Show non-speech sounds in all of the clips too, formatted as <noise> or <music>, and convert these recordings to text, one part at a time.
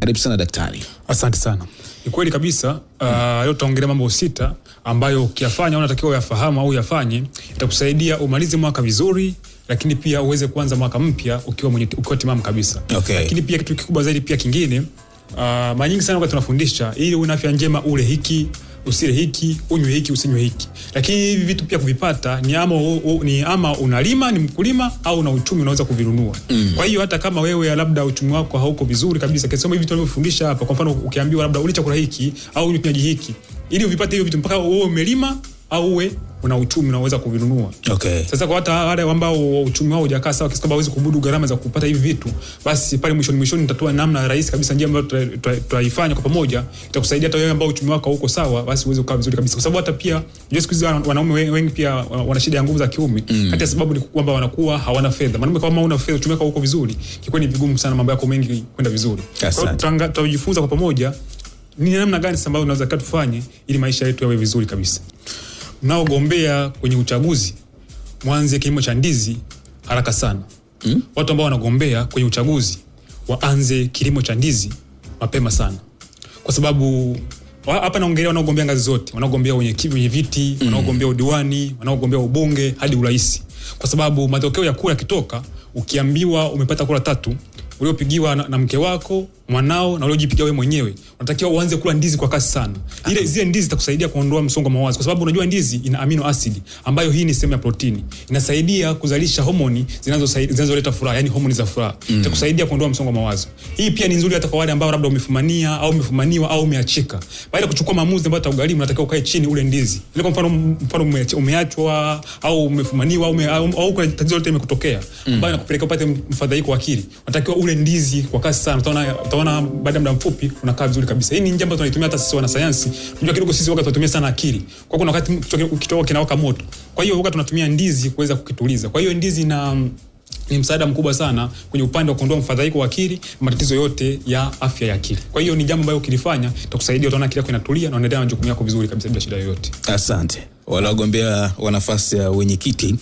Karibu sana daktari. Asante sana. Ni kweli kabisa. Uh, leo tutaongelea mambo sita ambayo ukiyafanya unatakiwa uyafahamu au uyafanye, itakusaidia umalize mwaka vizuri, lakini pia uweze kuanza mwaka mpya ukiwa mwenye ukiwa timamu kabisa. Okay. Lakini pia kitu kikubwa zaidi pia kingine, uh, mara nyingi sana wakati tunafundisha ili una afya njema ule hiki usile hiki, unywe hiki, usinywe hiki. Lakini hivi vitu pia kuvipata ni ama, o, ni ama unalima ni mkulima au na uchumi unaweza kuvinunua. Mm. Kwa hiyo hata kama wewe labda uchumi wako hauko vizuri kabisa, kesema hivi tunavyofundisha hapa, kwa mfano ukiambiwa labda ule chakula hiki au unywe kinywaji hiki, ili uvipate hivyo vitu mpaka wewe umelima au uwe una uchumi unaweza kuvinunua. Okay. Sasa kwa hata wale ambao uchumi wao hujakaa sawa kiasi hawezi kumudu gharama za kupata hivi vitu, basi pale mwishoni mwishoni nitatoa namna rahisi kabisa, njia ambayo tutaifanya kwa pamoja itakusaidia hata wewe ambao uchumi wako hauko sawa, basi uweze kukaa vizuri kabisa, kwa sababu hata pia unajua siku hizi wanaume wengi pia wana shida ya nguvu za kiume. Mm. Kati ya sababu ni kwamba wanakuwa hawana fedha. Mwanamume kama una fedha, uchumi wako hauko vizuri, kikweli ni vigumu sana mambo yako mengi kwenda vizuri. Kwa hiyo tutajifunza kwa pamoja ni namna gani sasa ambayo unaweza kutufanye ili maisha yetu yawe vizuri kabisa mnaogombea kwenye uchaguzi mwanze kilimo cha ndizi haraka sana hmm? Watu ambao wanagombea kwenye uchaguzi waanze kilimo cha ndizi mapema sana, kwa sababu hapa naongelea wanaogombea ngazi zote, wanaogombea wenye viti mm, wanaogombea udiwani, wanaogombea ubunge hadi urahisi kwa sababu matokeo ya kura yakitoka, ukiambiwa umepata kura tatu uliopigiwa na, na mke wako mwanao na uliojipiga wewe mwenyewe, unatakiwa uanze kula ndizi kwa kasi sana. Ile zile ndizi zitakusaidia kuondoa msongo wa mawazo, kwa sababu unajua ndizi ina amino acid ambayo hii ni sehemu ya protini, inasaidia kuzalisha homoni zinazosaidia zinazoleta furaha, yani homoni za furaha mm. kuondoa msongo wa mawazo. Hii pia ni nzuri hata kwa wale ambao labda umefumania au umefumaniwa au umeachika. Baada ya kuchukua maamuzi ambayo utagharimu, unatakiwa ukae chini ule ndizi ile. Kwa mfano, mfano umeachwa au umefumaniwa au au kuna tatizo lolote limekutokea mm. ambayo inakupelekea upate mfadhaiko wa akili, unatakiwa ule ndizi kwa kasi sana, utaona utaona baada ya muda mfupi unakaa vizuri kabisa. Hii ni njia ambayo tunaitumia hata sisi wanasayansi. Unajua kidogo sisi waga tunatumia sana akili. Kwa kuna wakati kichwa kinawaka moto. Kwa hiyo waga tunatumia ndizi kuweza kukituliza. Kwa hiyo ndizi na ni msaada mkubwa sana kwenye upande wa kuondoa mfadhaiko wa akili, matatizo yote ya afya ya akili. Kwa hiyo ni jambo ambalo ukilifanya itakusaidia, utaona akili yako inatulia na unaendelea na jukumu yako vizuri kabisa bila shida yoyote. Asante. Wanaogombea wa nafasi ya wenyekiti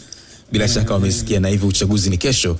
bila shaka eh. wamesikia, na hivi uchaguzi ni kesho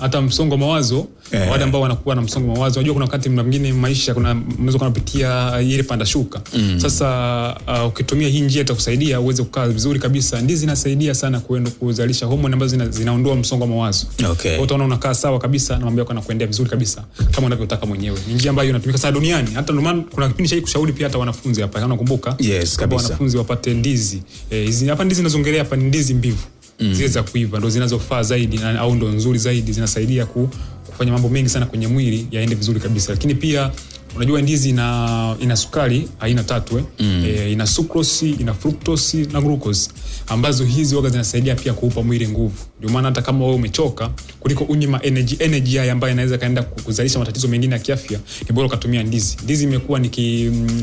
hata msongo eh, mawazo eh. Wale ambao wanakuwa na msongo mawazo, najua kuna wakati mwingine maisha kuna mnaweza kunapitia ile panda shuka mm. Sasa uh, ukitumia hii njia itakusaidia uweze kukaa vizuri kabisa. Ndizi zinasaidia sana kuenda kuzalisha homoni ambazo zina, zinaondoa msongo mawazo okay. Kwa utaona unakaa sawa kabisa na mambo yako yanakuendea vizuri kabisa kama unavyotaka mwenyewe. Ni njia ambayo inatumika sana duniani, hata ndio maana kuna kipindi cha kushauri pia hata wanafunzi hapa, kama nakumbuka yes, kabisa wanafunzi wapate ndizi eh, hizi e, hapa ndizi nazongelea hapa ni ndizi mbivu mm. zile za kuiva ndo zinazofaa zaidi na, au ndo nzuri zaidi zinasaidia ku, kufanya mambo mengi sana kwenye mwili yaende vizuri kabisa lakini pia unajua ndizi ina, ina sukari aina tatu eh? mm. e, ina sucrose ina fructose na glucose ambazo hizi waga zinasaidia pia kuupa mwili nguvu ndio maana hata kama wewe umechoka kuliko unyima energy energy haya ambayo inaweza kaenda kuzalisha matatizo mengine ya kiafya ni bora ukatumia ndizi ndizi imekuwa ni,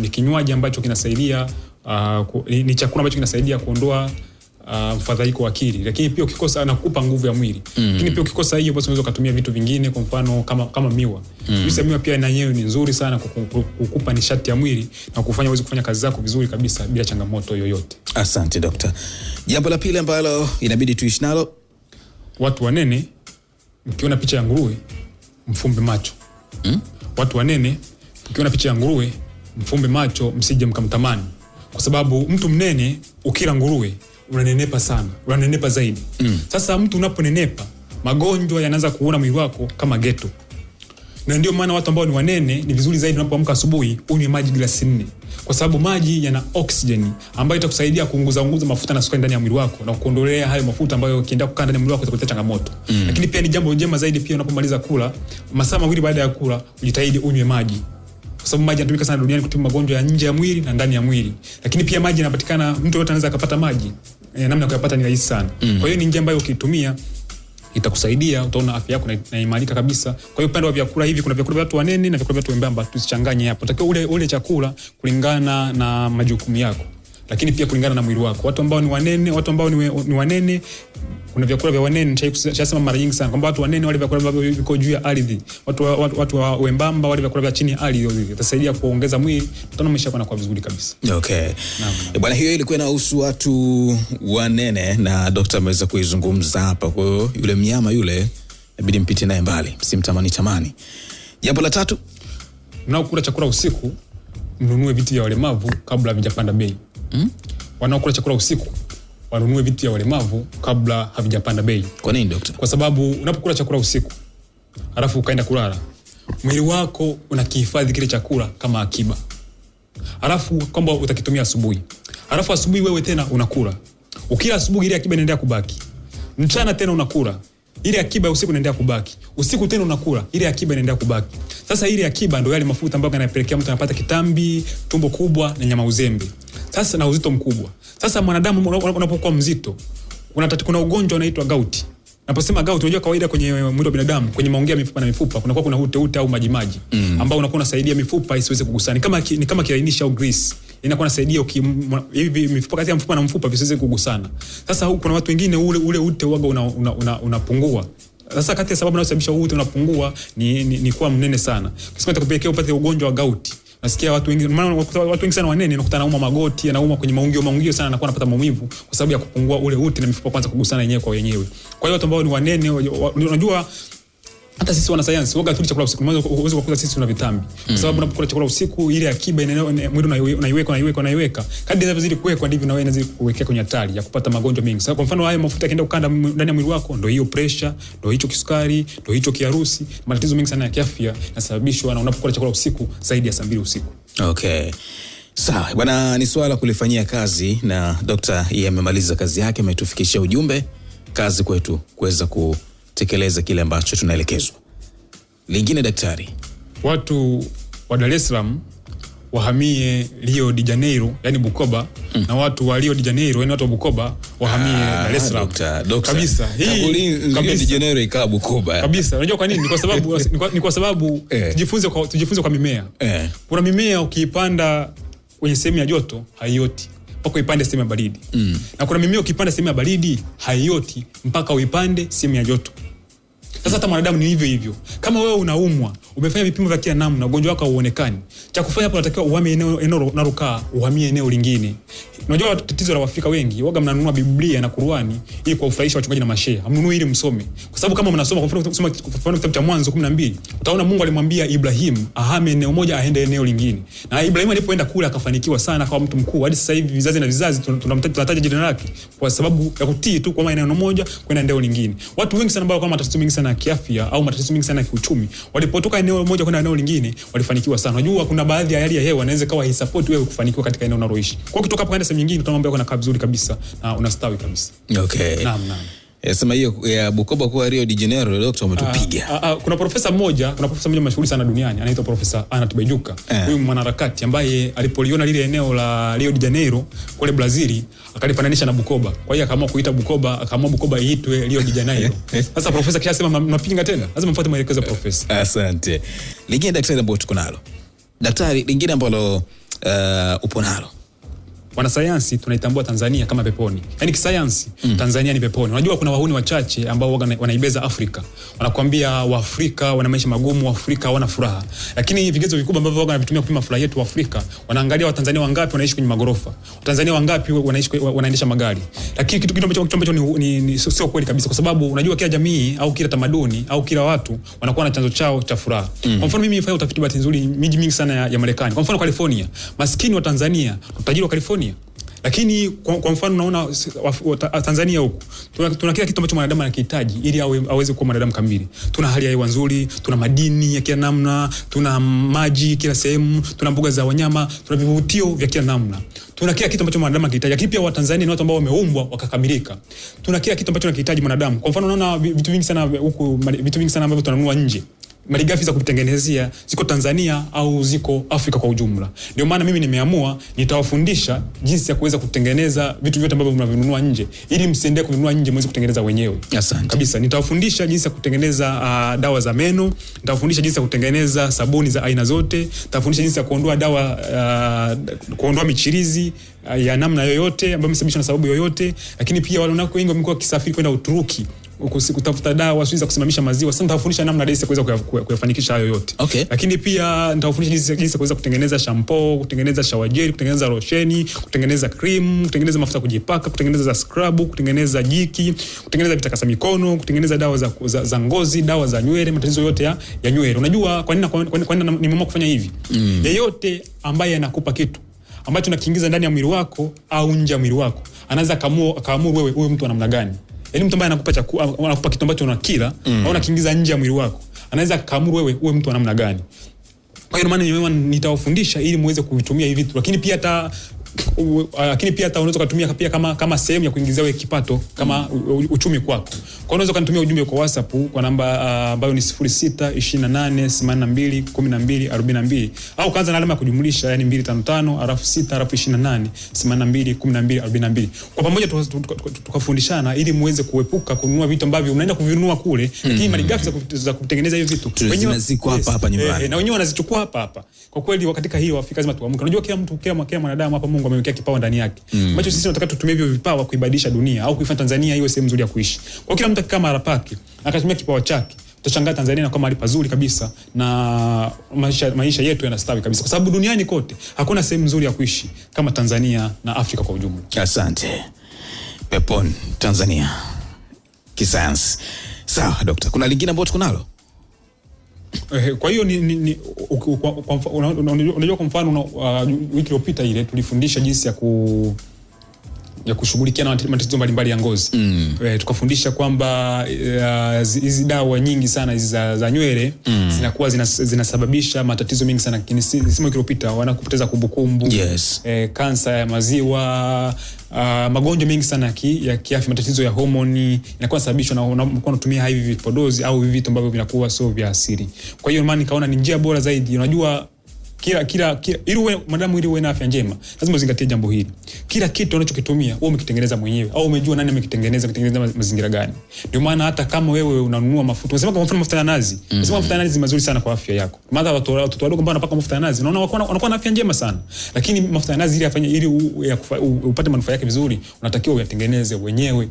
ni kinywaji ambacho kinasaidia uh, ku, ni, ni chakula ambacho kinasaidia kuondoa Uh, mfadhaiko uh, wa akili, lakini pia ukikosa anakupa nguvu ya mwili mm. Lakini pia ukikosa hiyo, basi unaweza ukatumia vitu vingine, kwa mfano kama kama miwa mm. Juisi ya miwa pia yenyewe ni nzuri sana kukupa nishati ya mwili na kufanya uweze kufanya kazi zako vizuri kabisa bila changamoto yoyote. Asante Dokta. Jambo la pili ambalo inabidi tuishi nalo, watu wanene, mkiona picha ya nguruwe mfumbe macho mm. Watu wanene, mkiona picha ya nguruwe mfumbe macho, msije mkamtamani, kwa sababu mtu mnene ukila nguruwe unanenepa sana unanenepa zaidi mm. sasa mtu unaponenepa magonjwa yanaanza kuona mwili wako kama geto na ndio maana watu ambao ni wanene ni vizuri zaidi unapoamka asubuhi unywe maji glasi nne kwa sababu maji yana oksijeni ambayo itakusaidia kuunguzaunguza mafuta na sukari ndani ya mwili wako na kuondolea hayo mafuta ambayo ukienda kukaa ndani ya mwili wako itakuletea changamoto mm. lakini pia ni jambo njema zaidi pia unapomaliza kula masaa mawili baada ya kula ujitahidi unywe maji kwa sababu maji yanatumika sana duniani kutibu magonjwa ya nje ya mwili na ndani ya mwili lakini pia maji yanapatikana mtu yote anaweza akapata maji e, namna ya kuyapata ni rahisi sana mm. Kwa hiyo ni njia ambayo ukitumia itakusaidia utaona afya yako inaimarika kabisa. Kwa hiyo upande wa vyakula hivi, kuna vyakula vya watu wanene na vyakula vya watu wembamba, tusichanganye hapo. Unatakiwa ule ule chakula kulingana na majukumu yako, lakini pia kulingana na mwili wako. Watu ambao ni wanene, watu ambao ni, ni wanene kuna vyakula vya wanene chasema mara nyingi sana kwamba watu wanene wale vyakula ambavyo viko juu ya ardhi, watu, watu, watu wa wembamba wale vyakula vya chini ya ardhi, hivyo itasaidia kuongeza mwili, utaona maisha kwa vizuri kabisa. Okay bwana, hiyo ilikuwa inahusu watu wanene na daktari ameweza kuizungumza hapa. Kwa hiyo yule mnyama yule inabidi mpite naye mbali, msimtamani tamani. Jambo la tatu, mnaokula chakula usiku mnunue viti vya walemavu kabla havijapanda bei. Hmm? wanaokula chakula usiku wanunue vitu vya walemavu kabla havijapanda bei. Kwa nini dokta? Kwa sababu unapokula chakula usiku alafu ukaenda kulala, mwili wako unakihifadhi kile chakula kama akiba, alafu kwamba utakitumia asubuhi, alafu asubuhi wewe tena unakula. Ukila asubuhi, ile akiba inaendelea kubaki. Mchana tena unakula ile akiba ya usiku inaendelea kubaki. Usiku tena unakula ile akiba inaendelea kubaki. Sasa ile akiba ndio yale mafuta ambayo yanapelekea mtu anapata kitambi, tumbo kubwa na nyama uzembe, sasa na uzito mkubwa. Sasa mwanadamu unapokuwa mzito, kuna ugonjwa unaitwa gauti Naposema gauti unajua kawaida kwenye mwili wa binadamu kwenye maongea mifupa na mifupa kunakuwa kuna ute ute au maji maji mm, ambao unakuwa unasaidia mifupa isiweze kugusana, kama ni kama kilainishi au grease inakuwa inasaidia hivi mifupa kati ya mfupa na mfupa visiweze kugusana. Sasa huku kuna watu wengine ule ule ute uaga unapungua una, una, una sasa kati ya sababu inayosababisha ute unapungua ni, ni, ni kuwa mnene sana, kisema itakupelekea upate ugonjwa wa gauti nasikia watu wengi maana watu wengi sana wanene nakuta nauma magoti anauma kwenye maungio maungio sana anakuwa anapata maumivu kwa sababu ya kupungua ule uti na mifupa kwanza kugusana yenyewe kwa wenyewe kwa hiyo watu ambao ni wanene unajua hata sisi wanasayansi waga tuli chakula usiku uwezo kukuza sisi tuna vitambi mm. kwa hmm. sababu unapokula chakula usiku ile akiba mwili unaiweka unaiweka unaiweka kadri inavyozidi kuwekwa ndivyo na wewe inazidi kuwekea kwenye hatari ya kupata magonjwa mengi sasa kwa mfano hayo mafuta yakienda kukanda ndani ya mwili wako ndio hiyo pressure ndio hicho kisukari ndio hicho kiharusi matatizo mengi sana ya kiafya yanasababishwa na unapokula chakula usiku zaidi ya saa mbili usiku okay Sawa bwana, ni swala kulifanyia kazi, na Dokta yeye amemaliza kazi yake, ametufikishia ujumbe. Kazi kwetu kuweza ku tekeleza kile ambacho tunaelekezwa. Lingine daktari, watu wa Dar es Salaam wahamie Rio de Janeiro, yani Bukoba mm. na watu wa Rio de Janeiro, yani watu wa Bukoba wahamie ah, Dar es Salaam Unajua kwa nini? Ni kwa sababu <laughs> eh. tujifunze kwa sababu kwa, kwa mimea eh. kuna mimea ukiipanda kwenye sehemu ya joto haioti mpaka uipande sehemu ya baridi mm. na kuna mimea ukiipanda sehemu ya baridi haioti mpaka uipande sehemu ya joto. Sasa hata mwanadamu ni hivyo hivyo, kama wewe unaumwa umefanya vipimo vya kila namna, ugonjwa wako hauonekani. Cha kufanya hapo, unatakiwa uhamie eneo eneo na unalokaa, uhamie eneo lingine. Unajua tatizo la Waafrika wengi waga, mnanunua Biblia na Qur'ani ili kuwafurahisha wachungaji na mashehe, hamnunui ili msome, kwa sababu kama mnasoma, kwa mfano kitabu cha Mwanzo 12 utaona Mungu alimwambia Ibrahim ahame eneo moja aende eneo lingine, na Ibrahim alipoenda kule akafanikiwa sana, akawa mtu mkuu. Hadi sasa hivi vizazi na vizazi tunamtaja, tunataja jina lake kwa sababu ya kutii tu kwa maana eneo moja kwenda eneo lingine. Watu wengi sana ambao kwa matatizo mengi sana ya kiafya au matatizo mengi sana ya kiuchumi walipotoka eneo moja kwenda eneo lingine walifanikiwa sana. Unajua kuna baadhi ya hali ya hewa inaweza kawa hisupport wewe kufanikiwa katika eneo unaloishi. Kwa hiyo kutoka hapo kwenda sehemu nyingine, utaona mambo yako yanakaa vizuri kabisa na unastawi kabisa. Okay. Naam, naam. Sema hiyo ya Bukoba kuwa Rio de Janeiro leo wametupiga. Ah, ah, ah, kuna profesa mmoja, kuna profesa mmoja mashuhuri sana duniani anaitwa Profesa Ana Bejuka. Eh. Huyu eh, mwanaharakati ambaye alipoliona lile eneo la Rio de Janeiro kule Brazil akalifananisha na Bukoba. Kwa hiyo akaamua kuita Bukoba, akaamua Bukoba iitwe Rio de Janeiro. <laughs> Sasa profesa kisha sema mnapinga tena. Lazima mfuate maelekezo ya profesa. Asante. Lingine daktari, ambalo tuko nalo. Daktari lingine ambalo uh, upo nalo wanasayansi tunaitambua Tanzania kama peponi, yani kisayansi mm. Tanzania ni peponi. Unajua kuna wahuni wachache ambao wanaibeza Afrika, wanakuambia Waafrika wana maisha magumu, Waafrika hawana furaha, lakini vigezo vikubwa ambavyo wanavitumia kupima furaha yetu Waafrika, wanaangalia Watanzania wangapi wanaishi kwenye magorofa, Watanzania wangapi wanaishi wanaendesha magari. Lakini kitu kitu ambacho ni, ni, ni sio kweli kabisa, kwa sababu unajua kila jamii au kila tamaduni au kila watu wanakuwa na chanzo chao cha furaha. Mm. Kwa mfano mimi nifanya utafiti, bahati nzuri miji mingi sana ya Marekani, kwa mfano California, maskini wa Tanzania, utajiri wa California Tanzania lakini kwa, kwa mfano naona Tanzania huku tuna, tuna kila kitu ambacho mwanadamu anakihitaji ili awe, aweze kuwa mwanadamu kamili. Tuna hali ya hewa nzuri, tuna madini ya kila namna, tuna maji kila sehemu, tuna mbuga za wanyama, tuna vivutio vya kila namna, tuna kila kitu ambacho mwanadamu anakihitaji. Lakini pia Watanzania ni watu ambao wameumbwa wakakamilika, tuna kila kitu ambacho anakihitaji mwanadamu. Kwa mfano naona vitu vingi sana huku, vitu vingi sana ambavyo tunanunua nje malighafi za kutengenezia ziko Tanzania au ziko Afrika kwa ujumla. Ndio maana mimi nimeamua nitawafundisha jinsi ya kuweza kutengeneza vitu vyote ambavyo mnavinunua nje, ili msiendelee kununua nje, mweze kutengeneza wenyewe. Asante kabisa. Nitawafundisha jinsi ya kutengeneza uh, dawa za meno, nitawafundisha jinsi ya kutengeneza sabuni za aina zote, nitawafundisha jinsi ya kuondoa dawa uh, kuondoa michirizi uh, ya namna yoyote ambayo imesababishwa na sababu yoyote. Lakini pia wale wanako wengi wamekuwa wakisafiri kwenda Uturuki kutafuta dawa sijui za kusimamisha maziwa. Sasa nitawafundisha namna jinsi ya kuweza kuyafanikisha hayo yote. Okay. Lakini pia nitawafundisha jinsi jinsi kuweza kutengeneza shampo kutengeneza shower kutengeneza rosheni kutengeneza cream, kutengeneza mafuta kujipaka, kutengeneza za scrub, kutengeneza jiki, kutengeneza vitakasa mikono, kutengeneza dawa za, za, za ngozi, dawa za nywele, matatizo yote ya, ya nywele. Unajua kwa nini nimeamua kufanya hivi? Mm. Yeyote ambaye anakupa kitu ambacho nakiingiza ndani ya mwili wako au nje ya mwili wako anaweza akaamua akaamua wewe huyu mtu wa namna gani yani mtu ambaye anakupa chakula anakupa kitu ambacho unakila mm. au unakiingiza nje ya mwili wako anaweza kaamuru wewe uwe mtu wa namna gani kwa hiyo maana nitawafundisha ili muweze kuvitumia hivi vitu, lakini pia hata lakini pia hata unaweza kutumia pia kama kama sehemu ya kuingizia wewe kipato kama mm. uchumi kwako. Kwa unaweza kanitumia ujumbe kwa WhatsApp kwa namba ambayo ni 0628821242 au kaanza na alama ya kujumlisha yani 255 alafu 6 alafu 2821242. Kwa pamoja tukafundishana ili muweze kuepuka kununua vitu ambavyo mnaenda kuvinunua kule mm-hmm. lakini mali gafi za kutengeneza hivi vitu wenyewe ziko hapa hapa nyumbani. Eh, eh, na wenyewe wanazichukua hapa hapa. Kwa kweli katika hii wafika lazima tuamke. Unajua kila mtu kila mwanadamu hapa Mungu amewekea kipawa ndani yake ambacho mm. sisi tunataka tutumie hivyo vipawa kuibadilisha dunia au kuifanya Tanzania iwe sehemu nzuri ya kuishi. Kwa kila mtu akikaa mahali pake akatumia kipawa chake tutachangaa Tanzania na kwa mahali pazuri kabisa na maisha, maisha yetu yanastawi kabisa, kwa sababu duniani kote hakuna sehemu nzuri ya kuishi kama Tanzania na Afrika kwa ujumla. Asante Pepon Tanzania kisayansi. Sawa dokta, kuna lingine ambalo tuko nalo? Eh, kwa hiyo unajua, kwa mfano uh, wiki iliyopita ile tulifundisha jinsi ya ku ya kushughulikia na matatizo mbalimbali ya ngozi mm. E, tukafundisha kwamba eh, hizi e, dawa nyingi sana hizi za, za nywele mm. zinakuwa zinasababisha zina matatizo mengi sana msimu uliopita wanakupoteza kumbukumbu yes. E, eh, kansa ya maziwa Uh, magonjwa mengi sana ki, ya kiafya, matatizo ya homoni inakuwa sababishwa na unakuwa unatumia hivi vipodozi au vitu ambavyo vinakuwa sio vya asili. Kwa hiyo maana nikaona ni njia bora zaidi, unajua kila kila kila ili uwe mwanadamu, ili uwe na afya njema, lazima uzingatie jambo hili. Kila kitu unachokitumia wewe umekitengeneza mwenyewe, au umejua nani amekitengeneza, kitengeneza mazingira gani. Ndio maana hata kama wewe unanunua mafuta, unasema kwa mfano mafuta ya nazi, mm -hmm. unasema mafuta ya nazi mazuri sana kwa afya yako. Madha watoto watoto wadogo ambao wanapaka mafuta ya nazi, unaona wanakuwa na afya njema sana, lakini mafuta ya nazi ili afanye, ili upate manufaa yake vizuri, unatakiwa uyatengeneze wenyewe.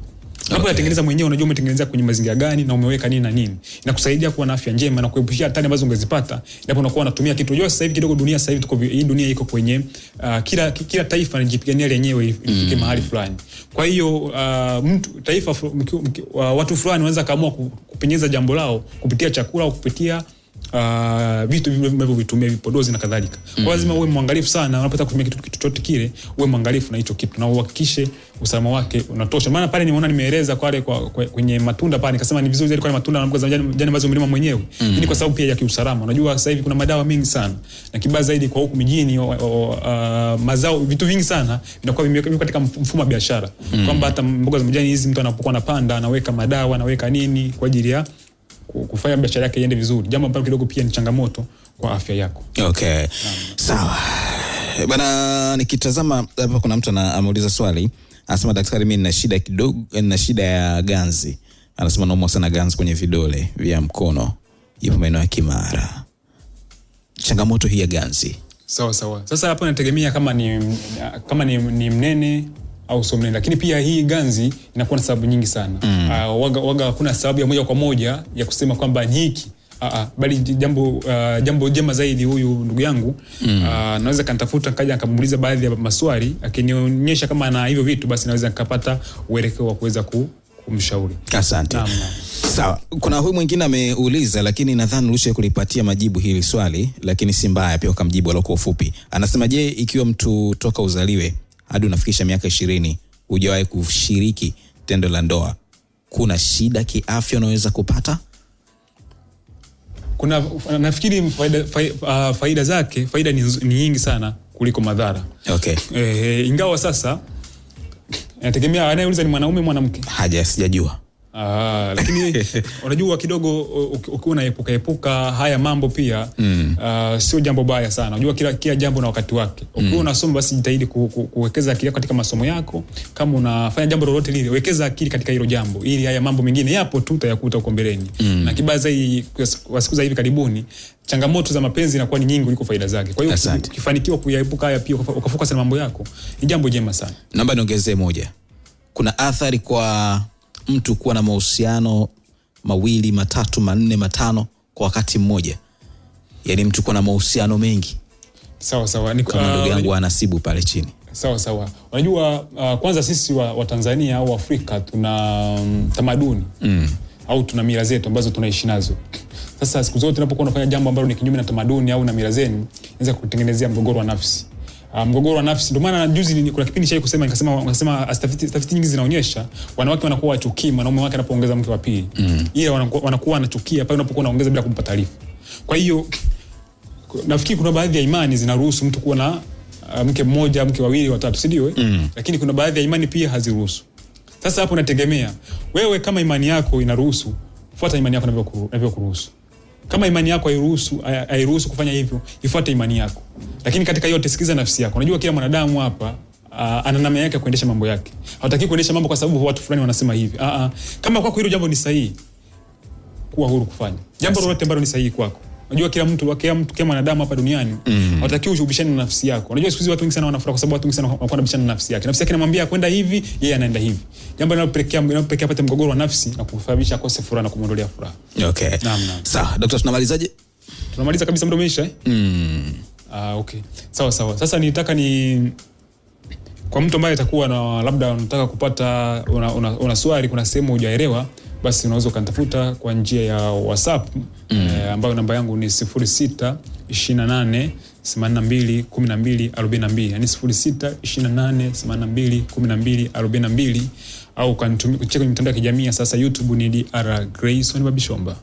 Unapoyatengeneza okay, mwenyewe unajua umetengeneza kwenye mazingira gani na umeweka nini na nini. Inakusaidia kuwa na afya njema na kuepushia hatari ambazo ungezipata ndipo unakuwa unatumia kitu. Unajua sasa hivi kidogo dunia sasa hivi tuko hii dunia iko kwenye uh, kila kila taifa linajipigania lenyewe mm. ifike mm, mahali fulani. Kwa hiyo uh, mtu taifa uh, watu fulani wanaweza kaamua kupenyeza jambo lao kupitia chakula au kupitia uh, vitu vinavyo vitumia vipodozi na kadhalika. Mm. Kwa lazima uwe mwangalifu sana unapotaka kutumia kitu kitu chochote kile, uwe mwangalifu na hicho kitu na uhakikishe usalama wake unatosha. Maana pale nimeona nimeeleza kwale kwa, kwa, kwenye matunda pale nikasema ni vizuri zaidi kwa matunda na mboga za majani jana ambazo mlima mwenyewe. Mm. Hii ni kwa sababu pia ya kiusalama. Unajua sasa hivi kuna madawa mengi sana. Na kibaya zaidi kwa huku mijini o, o, uh, mazao vitu vingi sana vinakuwa vimewekwa katika mfumo wa biashara. Mm. Kwamba hata mboga za majani hizi mtu anapokuwa anapanda anaweka madawa, anaweka nini kwa ajili ya kufanya biashara yake iende vizuri, jambo ambalo kidogo pia ni changamoto kwa afya yako. Okay, sawa bana. Nikitazama hapa kuna mtu ameuliza swali, anasema daktari, mimi nina shida kidogo, nina shida ya ganzi. Anasema naumwa sana ganzi kwenye vidole vya mkono, ipo maeneo ya Kimara. Changamoto hii ya ganzi. Sawa sawa. Sasa hapo inategemea kama ni, kama ni, ni mnene au somnene, lakini pia hii ganzi inakuwa na sababu nyingi sana mm. Uh, waga, waga kuna sababu ya moja kwa moja ya kusema kwamba ni hiki ah, ah, bali jambo uh, jambo jema zaidi huyu ndugu yangu mm. uh, naweza kanitafuta kaja akamuuliza baadhi ya maswali, akinionyesha kama ana hivyo vitu, basi naweza nikapata uelekeo wa kuweza ku, kumshauri. Asante. Naam, Sawa, kuna huyu mwingine ameuliza, lakini nadhani rushe kulipatia majibu hili swali, lakini si mbaya pia ukamjibu alokuwa ufupi. Anasema, je, ikiwa mtu toka uzaliwe hadi unafikisha miaka ishirini hujawahi kushiriki tendo la ndoa, kuna shida kiafya unaweza kupata? Kuna nafikiri faida, faida, uh, faida zake faida ni, ni nyingi sana kuliko madhara okay. E, ingawa sasa nategemea anayeuliza ni mwanaume mwanamke, haja sijajua Aa, ah, lakini <laughs> unajua kidogo ukiwa unaepuka epuka haya mambo pia mm. Uh, sio jambo baya sana. Unajua kila, kila jambo na wakati wake. Ukiwa mm. unasoma basi jitahidi ku, ku, kuwekeza akili katika masomo yako. Kama unafanya jambo lolote lile, wekeza akili katika hilo jambo ili haya mambo mengine yapo tu utayakuta huko mbeleni. Mm. Na kibaya zaidi kwa siku za hivi karibuni changamoto za mapenzi inakuwa ni nyingi kuliko faida zake. Kwa hiyo ukifanikiwa kuyaepuka haya pia ukafokusa na mambo yako, ni jambo jema sana. Naomba niongezee moja. Kuna athari kwa mtu kuwa na mahusiano mawili matatu manne matano kwa wakati mmoja, yani mtu kuwa na mahusiano mengi. Sawa sawa, ni kama ndugu uh, yangu anasibu pale chini. Sawa sawa, unajua uh, kwanza sisi wa, wa Tanzania au Afrika tuna um, tamaduni mm. au tuna mila zetu ambazo tunaishi nazo. Sasa siku zote unapokuwa unafanya jambo ambalo ni kinyume na tamaduni au na mila zenu, inaweza kutengenezea mgogoro wa nafsi Ah, mgogoro wa nafsi. Ndio maana juzi ni kuna kipindi chake kusema nikasema nikasema ah, tafiti nyingi zinaonyesha wanawake wanakuwa wachukii mwanaume wake anapoongeza mke wa pili, Mm. ila wanakuwa wanakuwa wanachukia pale unapokuwa unaongeza bila kumpa taarifa. Kwa hiyo nafikiri kuna baadhi ya imani zinaruhusu mtu kuwa na ah, mke mmoja, mke wawili, watatu, si ndio? Eh? Mm. Lakini kuna baadhi ya imani pia haziruhusu. Sasa hapo nategemea wewe, kama imani yako inaruhusu, fuata imani yako inavyokuruhusu. Kama imani yako hairuhusu hairuhusu kufanya hivyo, ifuate imani yako. Lakini katika yote sikiza nafsi yako. Unajua kila mwanadamu hapa uh, ana namna yake ya kuendesha mambo yake. hawataki kuendesha mambo kwa sababu watu fulani wanasema hivi. uh, uh, Kama kwako hilo jambo ni sahihi, kuwa huru kufanya. Jambo lolote ambalo ni sahihi kwako. Unajua kila mtu, kila mtu kama mwanadamu hapa duniani, mm. hataki ushubishane na nafsi yako. Unajua siku hizi watu wengi sana wanafurahi kwa sababu watu wengi sana wanabishana na nafsi yake. Nafsi yake inamwambia kwenda hivi, yeye anaenda hivi. Jambo linalopelekea linalopelekea apate mgogoro wa nafsi na kumfahamisha akose furaha na kumwondolea furaha. Okay. Naam, naam. Sawa, daktari tunamalizaje? Tunamaliza kabisa mdomo umeisha eh? Mm. Ah, okay. Sawa sawa. Sasa nitaka ni kwa mtu ambaye atakuwa na labda unataka kupata una, una, una swali kuna sehemu hujaelewa basi unaweza ukanitafuta kwa njia ya WhatsApp mm. eh, ambayo namba yangu ni 0628 28 82 12 42, yani 82 12 au kanitumia kwenye mitandao ya kijamii sasa YouTube ni DR Grayson Babishomba.